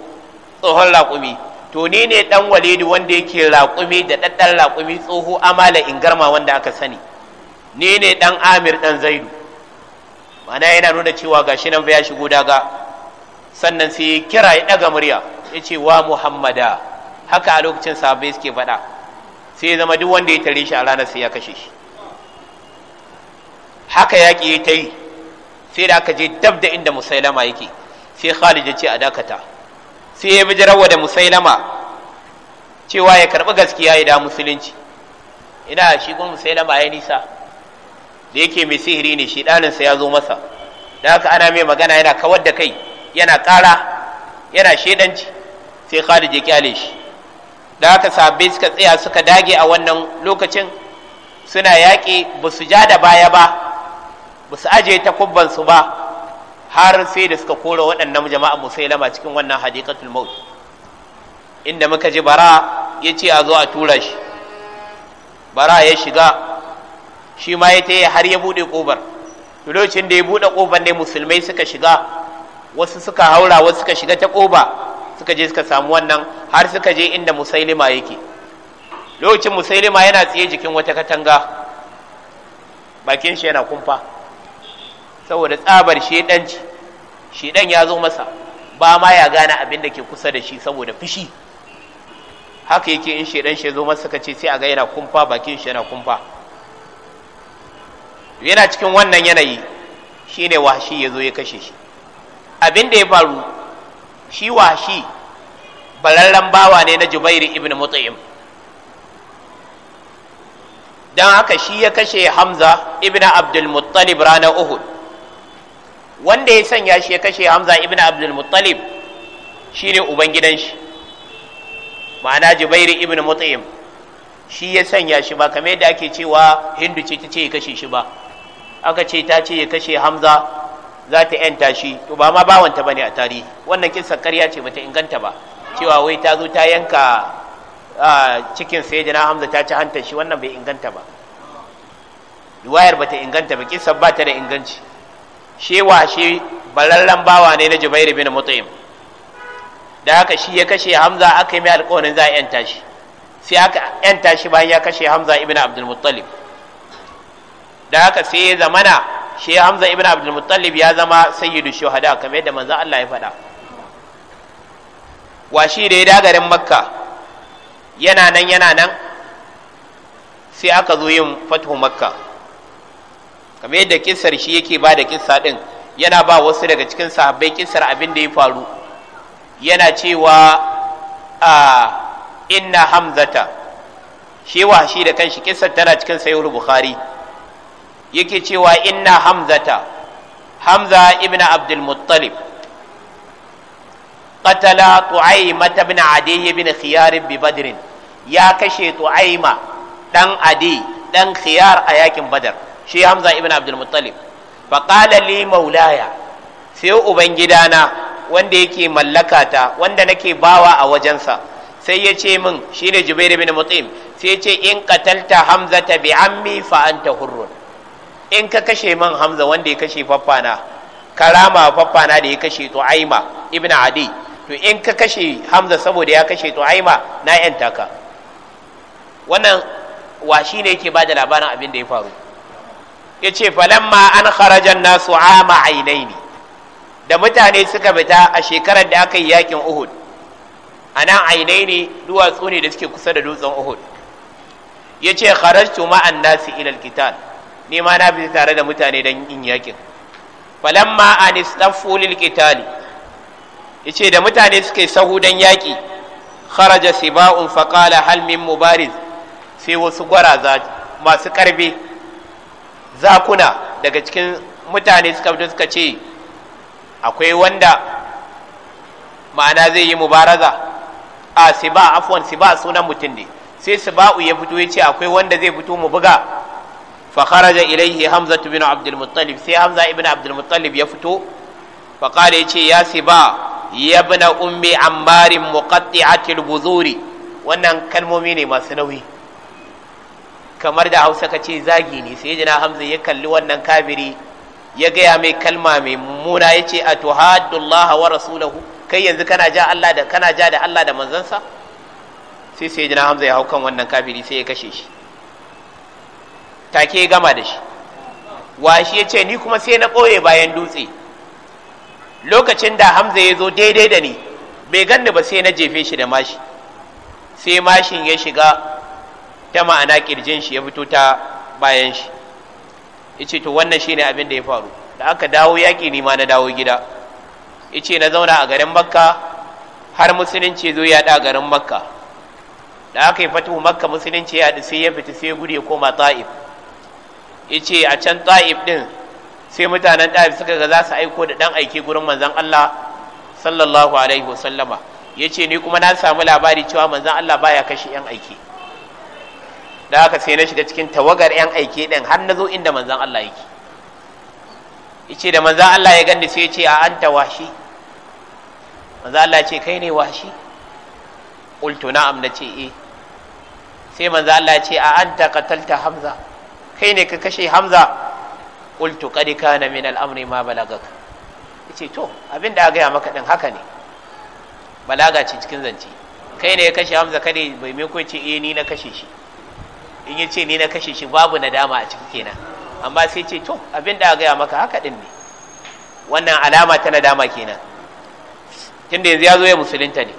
tsohon raƙumi to ni ne dan walidi wanda yake raƙumi da ɗaɗɗan raƙumi tsoho amala garma wanda aka sani ni ne dan amir dan zaidu mana yana nuna cewa ga shi nan fa ya shigo daga sannan sai kira ya ɗaga murya ya ce wa muhammada haka a lokacin sahabbai suke faɗa sai ya zama duk wanda ya tare shi a ranar sai ya kashe shi haka yaƙi ya ta yi sai da aka je dab da inda musailama yake sai khalid ya ce a dakata sai ya bijirawa da musailama cewa ya karɓi gaskiya ya da musulunci ina shi kuma musailama ya nisa da yake mai sihiri ne shi ɗaninsa ya zo masa da haka ana mai magana yana kawar da kai yana ƙara yana shaidanci sai Khalid ya kyale shi da haka sahabbai suka tsaya suka dage a wannan lokacin suna yaƙi ba su ja da baya ba ba su aje ta su ba har sai da suka kora waɗannan jama'a musailama cikin wannan hadiqatul maut inda muka ji bara ya ce a zo a tura shi bara ya shiga shi ma ya taya har ya buɗe ƙofar lokacin da ya buɗe ƙofar ne musulmai suka shiga wasu suka haura wasu suka shiga ta ƙofa suka je suka samu wannan har suka je inda musailima yake lokacin musailima yana tsaye jikin wata katanga bakin shi yana kumfa saboda tsabar shedanci shedan ya zo masa ba ma ya gane abin da ke kusa da shi saboda fishi haka yake in shedan shi zo masa ce sai a ga yana kumfa bakin shi yana kumfa yana cikin wannan yanayi shine wahshi ya zo ya kashe shi abin da ya faru shi wa shi balallan bawa ne na jubairu ibn mut'im don haka shi ya kashe hamza ibn abdul muttalib ranar uhud wanda ya sanya shi ya kashe hamza ibn abdul muttalib shi ne ubangidanshi shi ma'ana jubairu ibn mut'im shi ya sanya shi ba kamar yadda ake cewa hindu ce ta ce ya kashe shi ba aka ce ta ce ya kashe hamza za ta yanta shi to ba ma bawanta bane a tarihi wannan kisan ƙarya ce bata inganta ba cewa wai ta zo ta yanka cikin sayyidina hamza ta ci hantar shi wannan bai inganta ba riwayar bata inganta ba Kin ba ta da inganci shewa shi balallan bawa ne na jubairu bin mutaim da haka shi ya kashe hamza aka yi mai alƙawarin za a yanta shi sai aka yanta shi bayan ya kashe hamza ibn abdul muttalib da haka sai ya zamana shi hamza ibn abdul muttalib ya zama sayyidu shuhada kamar yadda manzon Allah ya faɗa shi da ya dagarin makka yana nan yana nan sai aka zo yin fatuhu makka kamar yadda kissar shi yake ba da kissa din yana ba wasu daga cikin sahabbai kissar abin da ya faru yana cewa a inna hamzata shi shi da kanshi kissar tana cikin sayyidu bukhari yake cewa inna hamzata hamza ibn abdul muttalib qatala tu'ayma ibn adi ibn khiyar bi badr ya kashe tu'ayma dan adi dan khiyar a yakin badar shi hamza ibn abdul muttalib fa qala li maulaya sai ubangidana wanda yake mallaka ta wanda nake bawa a wajensa sai ya ce min shine jubair ibn mutim sai ya ce in qatalta hamzata bi ammi fa anta hurrun in ka kashe man hamza wanda ya kashe faffana karama faffana da ya kashe to aima ibn adi to in ka kashe hamza saboda ya kashe to aima na yanta ka wannan wa shi ne yake ba da labarin abin da ya faru ya ce falamma an kharajan nasu ama ainaini da mutane suka fita a shekarar da aka yi yakin uhud a nan ainaini duwatsu ne da suke kusa da dutsen uhud ya ce kharajtu ma'an nasi ilal kitan ni ma na fita tare da mutane dan in yakin falamma anistafu lil qitali yace da mutane suke sahu don yaki kharaja siba'un faqala hal min mubariz sai wasu gwaraza masu karbe zakuna daga cikin mutane suka fito suka ce akwai wanda ma'ana zai yi mubaraza a siba afwan siba sunan mutum ne sai siba'u ya fito ya ce akwai wanda zai fito mu buga fa kharaja ilayhi hamza bin hamza ibn abdul ya fito fa qala yace ya si ba, yabna ummi ammar muqatti'atil buzuri wannan kalmomi ne masu nauyi kamar da hausa ka ce zagi ne sai jina hamza ya kalli wannan kabiri ya gaya mai kalma mai mummuna ya ce a tuhaddullaha wa rasulahu kai yanzu kana ja da Allah da manzansa sai sai jina hamza ya hau kan wannan kabiri sai ya kashe shi take gama da shi washi ya ce ni kuma sai na ɓoye bayan dutse lokacin da hamza ya zo daidai da ni bai ganni ba sai na jefe shi da mashi sai mashin ya shiga ta ma'ana kirjin shi ya fito ta bayan shi yace to wannan shine abin da ya faru da aka dawo yaƙi ni ma na dawo gida yace na zauna a garin makka har musulunci zo ya da garin makka da aka yi fatihu makka musulunci ya sai ya fita sai ya gudu ya koma ta'if yace a can ta'if din sai mutanen ta'if suka ga za su aiko da dan aike gurin manzon Allah sallallahu alaihi wasallama yace ni kuma na samu labari cewa manzon Allah baya kashe yan aike da haka sai na shiga cikin tawagar yan aike din har na zo inda manzon Allah yake yace da manzon Allah ya gani sai yace a anta washi manzon Allah ce kai ne washi qultu na'am nace eh sai manzon Allah ce a anta qatalta hamza kai ne ka kashe hamza qultu qad na min al ma balagak yace to abin da a gaya maka ɗin haka ne balaga ce cikin zance kai ne ya kashe hamza kare bai mai ko ce eh ni na kashe shi in ya ce ni na kashe shi babu nadama a ciki kenan amma sai ce to abin da a gaya maka haka ɗin ne wannan alama ta nadama kenan tunda yanzu ya zo ya musulunta ne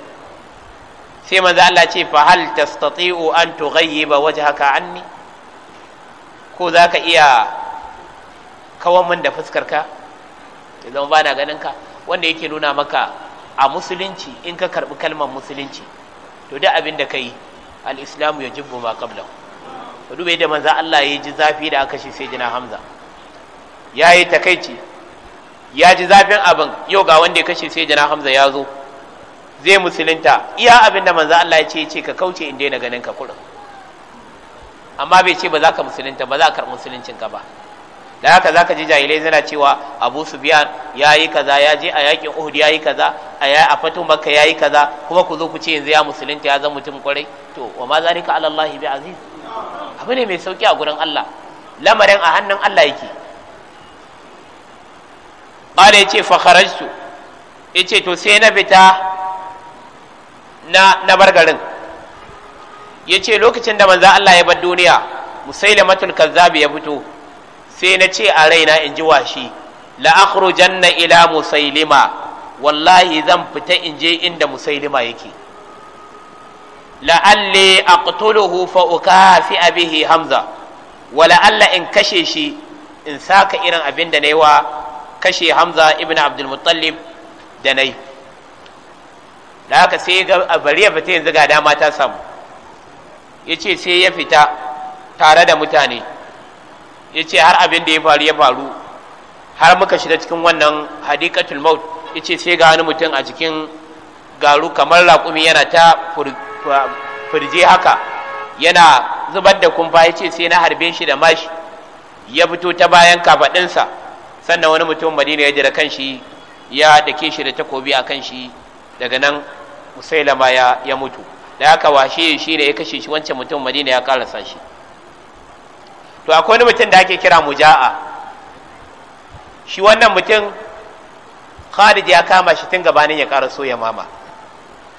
sai manzo Allah ce fa hal tastati'u an tughayyiba wajhaka anni ko za ka iya kawan min da fuskarka ya zama ba na ka. wanda yake nuna maka a musulunci in ka karɓi kalmar musulunci to duk abin da ka yi al'islamu ya jibbo ma kabla to dubai yadda manzan Allah ya ji zafi da aka shi sai jina hamza ya yi takaici ya ji zafin abin yau ga wanda ya kashe sai jina hamza ya zo zai musulunta iya abin da manzan Allah ya ce ce ka kauce in daina ganin ka kurin amma bai ce ba za ka musulunta ba za ka karɓi musuluncinka ba da haka za ka ji jahilai zana cewa abu biyan ya yi kaza ya je a yakin uhud ya yi kaza a ya a fatu makka ya yi kaza kuma ku zo ku ce yanzu ya musulunta ya zama mutum kwarai to wa ma zalika ka bi aziz abu ne mai sauki a gurin allah lamarin a hannun allah yake qala yace fa kharajtu yace to sai na fita na na bar garin ya ce lokacin da manza Allah ya bar duniya musailamatul kazzabi ya fito sai na ce a raina in ji washi la janna ila musailima wallahi zan fita in je inda musailima yake la'alli aqtuluhu fa ukafi bihi hamza wa la'alla in kashe shi in saka irin abin da na yi wa kashe hamza ibn abdul muttalib da nai. da haka sai ga bari ya fita yanzu ga dama ta samu ya ce sai ya fita tare da mutane ya ce har abin da ya faru ya faru har muka shiga cikin wannan hadikatul maut ya ce sai ga wani mutum a cikin garu kamar raƙumi yana ta firje haka yana zubar da kumfa ya ce sai na harbe shi da mashi ya fito ta bayan kafaɗinsa sannan wani mutum madina ya jira kan shi ya dake shi da takobi a kan shi daga nan musailama ya mutu da aka washe shi da ya kashe shi wancan mutum madina ya karasa shi to akwai wani mutum da ake kira muja'a shi wannan mutum khalid ya kama shi tun gabanin ya karaso ya mama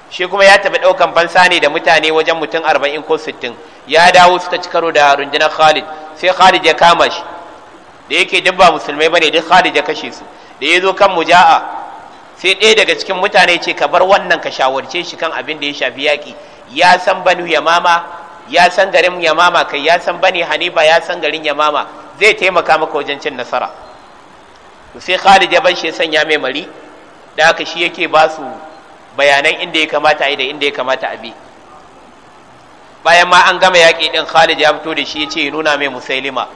shi kuma ya tafi ɗaukan fansa ne da mutane wajen mutum arba'in ko sittin ya dawo suka ci karo da rundunar khalid sai khalid ya kama shi da yake duk ba musulmai bane duk khalid ya kashe su da ya zo kan muja'a sai ɗaya daga cikin mutane ce ka bar wannan ka shawarce shi kan abin da ya shafi yaƙi ya san banu yamama ya san garin yamama kai ya san bani hanifa ya san garin yamama zai taimaka maka wajen cin nasara sai khalid ya ban shi sanya mai mari da haka shi yake ba su bayanan inda ya kamata a da inda ya kamata a bi bayan ma an gama yaƙi ɗin khalid ya fito da shi ya ce ya nuna mai musailima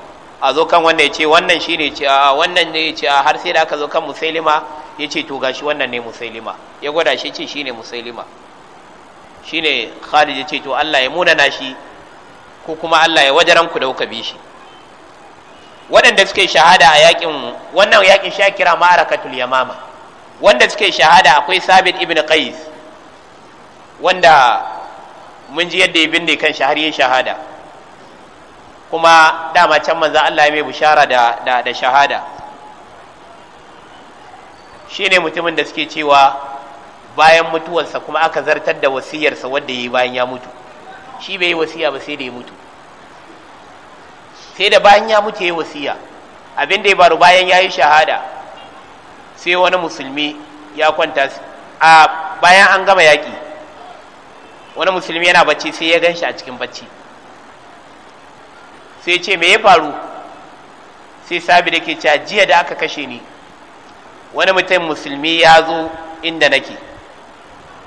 a zo kan wanda ya ce wannan shi ne a wannan ne ce a har sai da aka zo kan musailima ya ce to gashi wannan ne musailima ya gwada shi ce shi ne musailima shine Khalid ya ce to Allah ya munana shi ko kuma Allah ya wajaran ku da kuka bi shi waɗanda suke shahada a yakin wannan yakin sha kira ma'arakatul yamama wanda suke shahada akwai Sabit ibn Qais wanda mun ji yadda ya kan har ya shahada kuma dama can manzo Allah ya mai bushara da da, da shahada shine mutumin da suke cewa bayan mutuwarsa kuma aka zartar da wasiyarsa wanda ya yi bayan ya mutu shi bai yi wasiya ba sai da ya mutu sai da bayan ya mutu ya yi wasiya abin da ya baru bayan ya yi shahada sai wani musulmi ya kwanta a bayan an gama yaƙi wani musulmi yana bacci sai ya ganshi a cikin bacci sai ce me ya faru sai sabi da ke cewa jiya da aka kashe ni wani mutum musulmi ya zo inda nake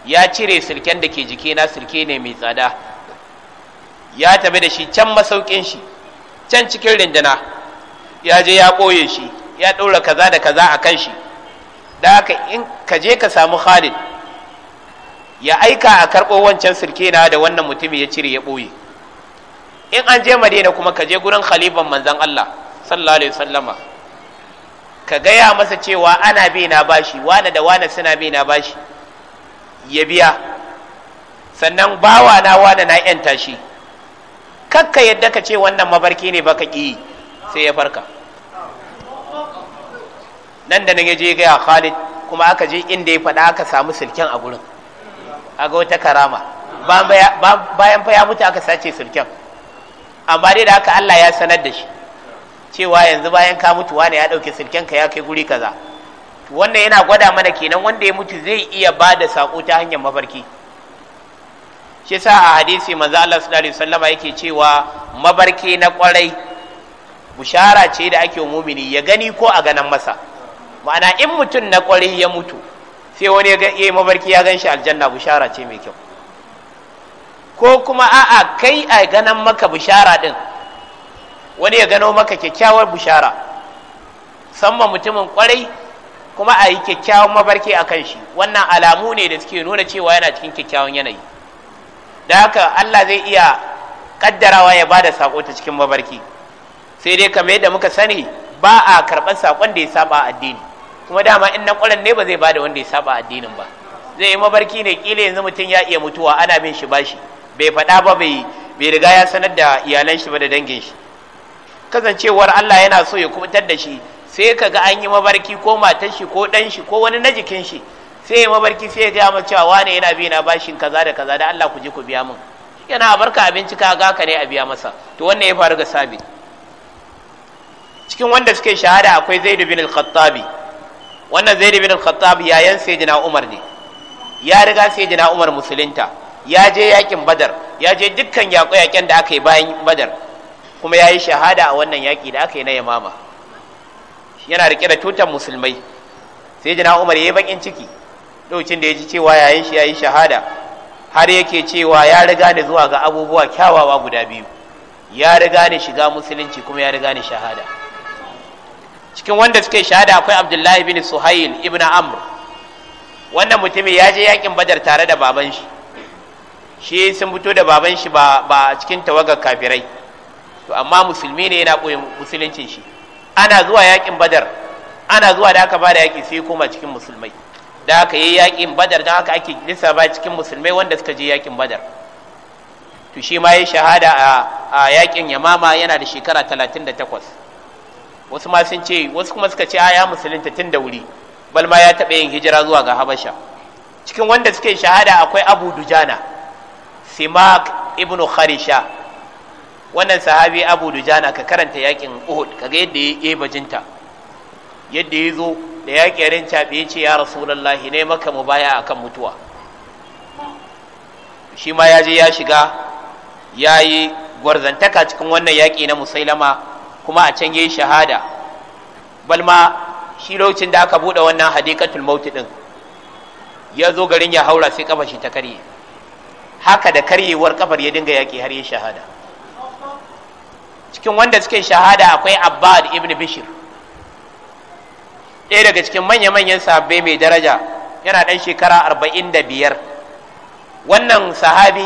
ya cire sirken da ke jikina sirke ne mai tsada ya tafi da shi can masaukin shi can cikin rindina ya je ya ɓoye shi ya ɗora kaza da kaza a kan shi da haka in ka je ka samu khalid ya aika a karɓo wancan sirke na da wannan mutumi ya cire ya ɓoye in an je madina kuma ka je gurin khaliban manzon Allah sallallahu alaihi wasallama ka gaya masa cewa ana bi bashi wane da wane suna bi na bashi ya biya sannan bawa na wane na yanta shi kakka yadda ka ce wannan mabarki ne baka ƙi sai ya farka nan da nan ya je gaya khalid kuma aka je inda ya faɗa aka samu silken a gurin aga wata karama bayan fa ya mutu aka sace silken amma dai da haka allah ya sanar da shi cewa yanzu bayan ka mutuwa ne ya ɗauki silken ka ya kai guri kaza wannan yana gwada mana kenan wanda ya mutu zai iya ba da saƙo ta hanyar mafarki shi sa a hadisi manzo Allah sallallahu alaihi wasallama yake cewa mabarki na kwarai bushara ce da ake mumini ya gani ko a ganan masa ma'ana in mutum na kwarai ya mutu sai wani ya yi mabarki ya ganshi aljanna bushara ce mai kyau ko kuma a'a kai a ganan maka bushara din wani ya gano maka kyakkyawar bushara samma mutumin kwarai kuma a yi kyakkyawan mabarki a kan shi wannan alamu ne da suke nuna cewa yana cikin kyakkyawan yanayi da haka Allah zai iya kaddarawa ya bada sako ta cikin mabarki sai dai kamar yadda muka sani ba a karɓar sakon da ya saba addini kuma dama in na ƙwarar ne ba zai bada wanda ya saba addinin ba zai yi mabarki ne kila yanzu mutum ya iya mutuwa ana bin shi bashi bai faɗa ba bai bai riga ya sanar da iyalan shi ba da dangin shi kasancewar Allah yana so ya kubutar da shi sai ka ga an yi mabarki ko matan shi ko dan shi ko wani na jikin shi sai ya mabarki sai ya gaya cewa wane yana bi na bashin kaza da kaza da Allah ku je ku biya min yana barka abinci ka ga ka ne a biya masa to wannan ya faru ga sabi cikin wanda suke shahada akwai Zaid bin al-Khattabi wannan Zaid bin al-Khattabi yayan Sayyidina Umar ne ya riga Sayyidina Umar musulunta ya je yakin Badar ya je dukkan yaƙo yaƙen da aka yi bayan Badar kuma ya yi shahada a wannan yaƙi da aka yi na Yamama yana rike da tutan musulmai sai jina umar yi bakin ciki Ɗaukin da ya ji cewa yayin shi yi shahada har yake cewa ya riga ni zuwa ga abubuwa kyawawa guda biyu ya riga ni shiga musulunci kuma ya riga ni shahada cikin wanda suke shahada akwai abdullahi bin suhail ibn amr wannan mutumin ya je yakin badar tare da baban shi shi sun fito da baban shi ba a cikin tawagar kafirai to amma musulmi ne yana koyin musuluncin shi ana zuwa yakin badar ana zuwa da aka bada yaki sai koma cikin musulmai da aka yi yakin badar don aka ake ba cikin musulmai wanda suka je yakin badar to shi ma ya shahada a yakin yamama yana da shekara 38 wasu ma sun ce wasu kuma suka ce a ya musulunta tun da wuri balma ya taɓa yin hijira zuwa ga habasha cikin wanda suke shahada akwai abu dujana simak ibnu kharisha wannan sahabi abu dujana ka karanta yakin uhud kaga yadda ya yi bajinta yadda ya zo da yaƙi ran caɓe ya ce ya rasulallahi ne maka mu baya akan mutuwa shi ma ya je ya shiga ya yi gwarzantaka cikin wannan yaƙi na musailama kuma a can ya yi shahada balma shi lokacin da aka buɗe wannan hadikatul mauti ɗin ya zo garin ya haura sai kafa shi ta karye haka da karyewar kafar ya dinga yaƙi har ya shahada cikin wanda suke shahada akwai abbad ibn bishir ɗaya daga cikin manya-manyan sahabbai mai daraja yana ɗan shekara arba'in da biyar wannan sahabi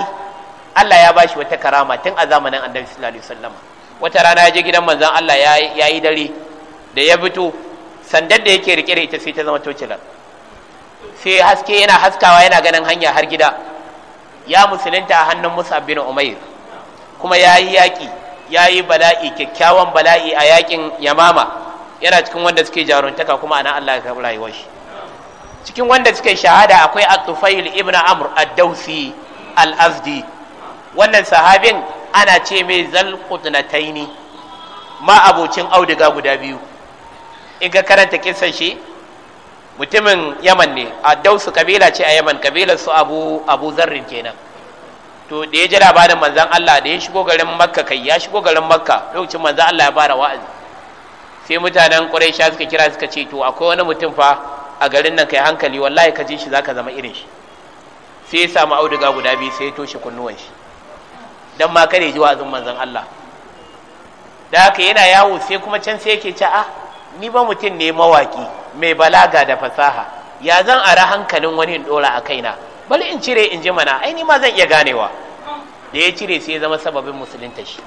allah ya bashi wata karama tun a zamanin annabi sallallahu alaihi wasallam wata rana ya je gidan manzon allah ya yi dare da ya fito sandar da yake rike da ita sai ta zama tocilar sai haske yana haskawa yana ganin hanya har gida ya musulunta a hannun musa bin umair kuma ya yi yaƙi ya yi bala'i kyakkyawan bala'i a yakin yamama yana cikin wanda suke jaruntaka kuma ana Allah ya rayuwar shi cikin wanda suke shahada akwai at-tufail ibn amr ad-dawsi al-azdi wannan sahabin ana ce mai qutnataini ma abocin auduga guda biyu in ka karanta kisan shi mutumin yaman ne ad kabila ce a yaman kabilar su abu abu zarrin kenan to da ya ji labarin manzan Allah da ya shigo garin makka kai ya shigo garin makka lokacin manzan Allah ya fara wa'azi sai mutanen ƙuraisha suka kira suka ce to akwai wani mutum fa a garin nan kai hankali wallahi ka ji shi zaka zama irin shi sai ya samu auduga guda biyu sai ya toshe kunnuwan shi dan ma kada ji wa'azin manzan Allah da haka yana yawo sai kuma can sai yake ce a? Ah, ni ba mutum ne mawaki mai balaga da fasaha ya zan ara hankalin wani in dora a kaina bari in cire in ji mana ai ni ma zan iya ganewa da ya cire sai ya zama sababin musulunta shi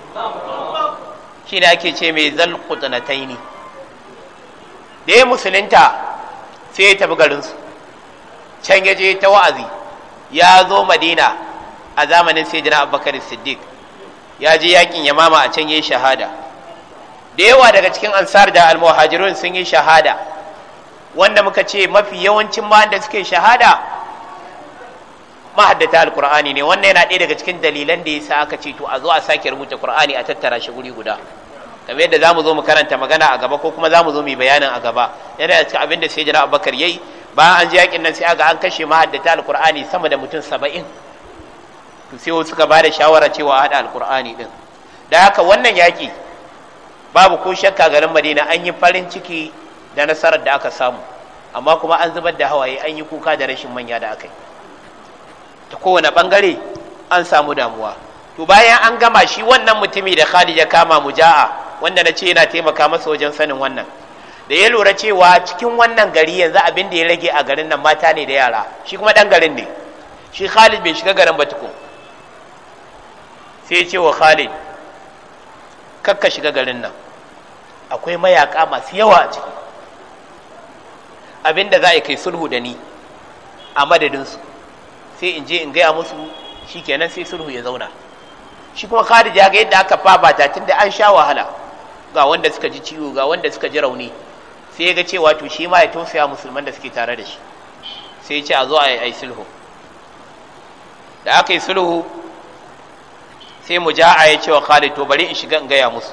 shi ne ake ce mai zalkutsanatai ne da ya musulunta sai ya tafi garinsu can ya je ta wa'azi ya zo madina a zamanin sai jina abubakar siddiq ya je yakin ya mama a can ya yi shahada da yawa daga cikin ansar da almuhajirun sun yi shahada wanda muka ce mafi yawancin ma da suke shahada mahaddata alqur'ani ne wannan yana ɗaya daga cikin dalilan da yasa aka ce to a zo a sake rubuta qur'ani a tattara shi guri guda kamar yadda zamu zo mu karanta magana a gaba ko kuma zamu zo mu yi bayanin a gaba yana da cikin abin da jira Abubakar yayi bayan an ji yakin nan sai aga an kashe mahaddata alqur'ani sama da mutum 70 to sai wasu suka bada shawara cewa a hada alqur'ani din da haka wannan yaki babu ko shakka garin Madina an yi farin ciki da nasarar da aka samu amma kuma an zubar da hawaye an yi kuka da rashin manya da akai. ta kowane bangare an samu damuwa to bayan an gama shi wannan mutumi da Khalid ya kama muja'a wanda na ce yana taimaka masa wajen sanin wannan da ya lura cewa cikin wannan gari yanzu abin da ya rage a garin nan mata ne da yara shi kuma dan garin ne shi Khalid bai shiga garin ba tukun sai ya ce wa Khalid kakka shiga garin nan akwai mayaka masu yawa a ciki abin da za a kai sulhu da ni a madadinsu sai in je in gaya musu shi kenan sai sulhu ya zauna shi kuma Khadija ga yadda aka ta tunda an sha wahala ga wanda suka ji ciwo ga wanda suka ji rauni sai ya ga cewa to shi ma ya tausaya musulman da suke tare da shi sai ya ce a zo a yi sulhu da aka yi sulhu sai mu ja a ya cewa Khalid to bari in shiga in gaya musu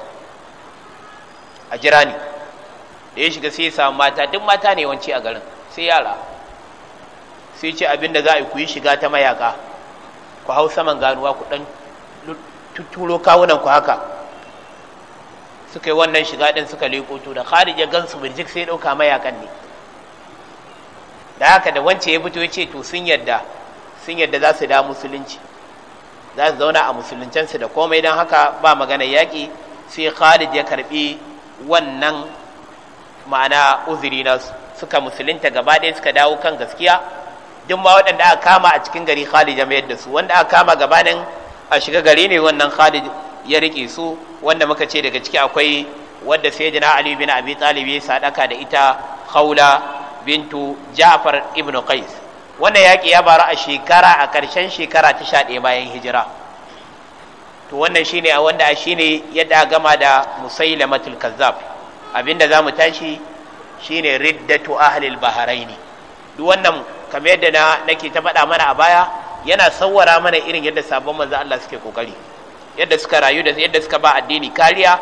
a jira ni da ya shiga sai ya samu mata duk mata ne yawanci a garin sai yara sai ce abinda za a yi ku yi shiga ta mayaka ku hau saman ganuwa ku dan tuturo kawunan ku haka suka yi wannan shiga din suka leko to da kharij ya gansu birjik sai dauka mayakan ne da haka da wance ya fito ya ce to sun yadda sun yadda za su da musulunci za su zauna a musuluncansu da komai don haka ba magana yaƙi sai khalid ya karbi wannan ma'ana uzuri na suka musulunta gaba ɗaya suka dawo kan gaskiya duk ma waɗanda aka kama a cikin gari Khalid ya mayar da su wanda aka kama gabanin a shiga gari ne wannan Khalid ya rike su wanda muka ce daga ciki akwai wadda sayyidina Ali bin Abi Talib ya sadaka da ita Khawla bintu Ja'far ibn Qais wannan yaƙi ya bara a shekara a ƙarshen shekara ta 11 bayan hijira to wannan shine a wanda shine yadda gama da Musailamatul Kazzab abinda zamu tashi shine riddatu ahlil baharaini duk wannan kamar yadda na nake ta faɗa mana a baya yana sawwara mana irin yadda sabon manzo Allah suke kokari yadda suka rayu da yadda suka ba addini kariya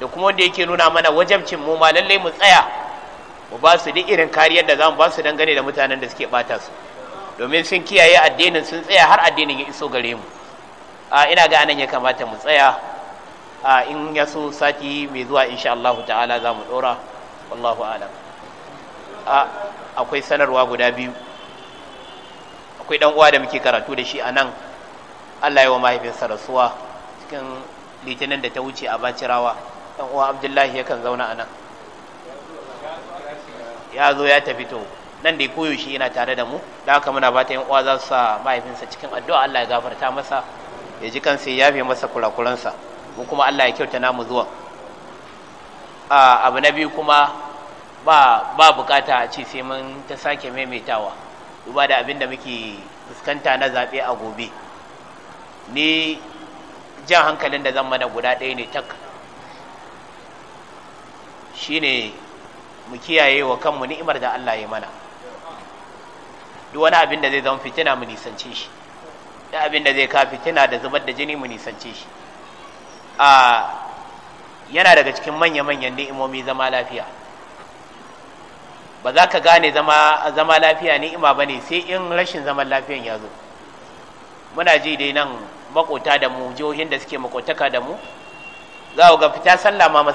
da kuma wanda yake nuna mana wajabcin mu ma lalle mu tsaya mu ba su duk irin kariyar da zamu ba su dangane da mutanen da suke bata su domin sun kiyaye addinin sun tsaya har addinin ya iso gare mu a ina ga anan ya kamata mu tsaya a in ya so sati mai zuwa insha Allah ta'ala za mu dora wallahu a'lam akwai sanarwa guda biyu akwai dan uwa da muke karatu da shi a nan Allah ya wa mahaifinsa rasuwa cikin litinin da ta wuce a bacirawa dan uwa Abdullahi yakan zauna a nan ya zo ya tafi to nan da koyo shi yana tare da mu da haka muna ta yin uwa za su sa mahaifinsa cikin addu'a Allah ya gafarta masa ya ji kansa ya yafe masa kurakuransa mu kuma Allah ya kyauta namu zuwa abu na biyu kuma ba ba bukata a ce sai mun ta sake maimaitawa duba da abin da muke fuskanta na zaɓe a gobe ni jan hankalin da zan mana guda ɗaya ne tak Shi ne mu kiyaye wa kanmu ni'imar da Allah ya mana duk wani abin da zai zama fitina mu nisance shi duk abin da zai ka fitina da zubar da jini mu nisance shi a yana daga cikin manya-manyan ni'imomi zama lafiya ba za ka gane zama lafiya ni'ima ba ne sai in rashin zaman lafiyan ya zo muna ji dai nan makota da mu jihohin da suke makotaka da mu za ga fita sallama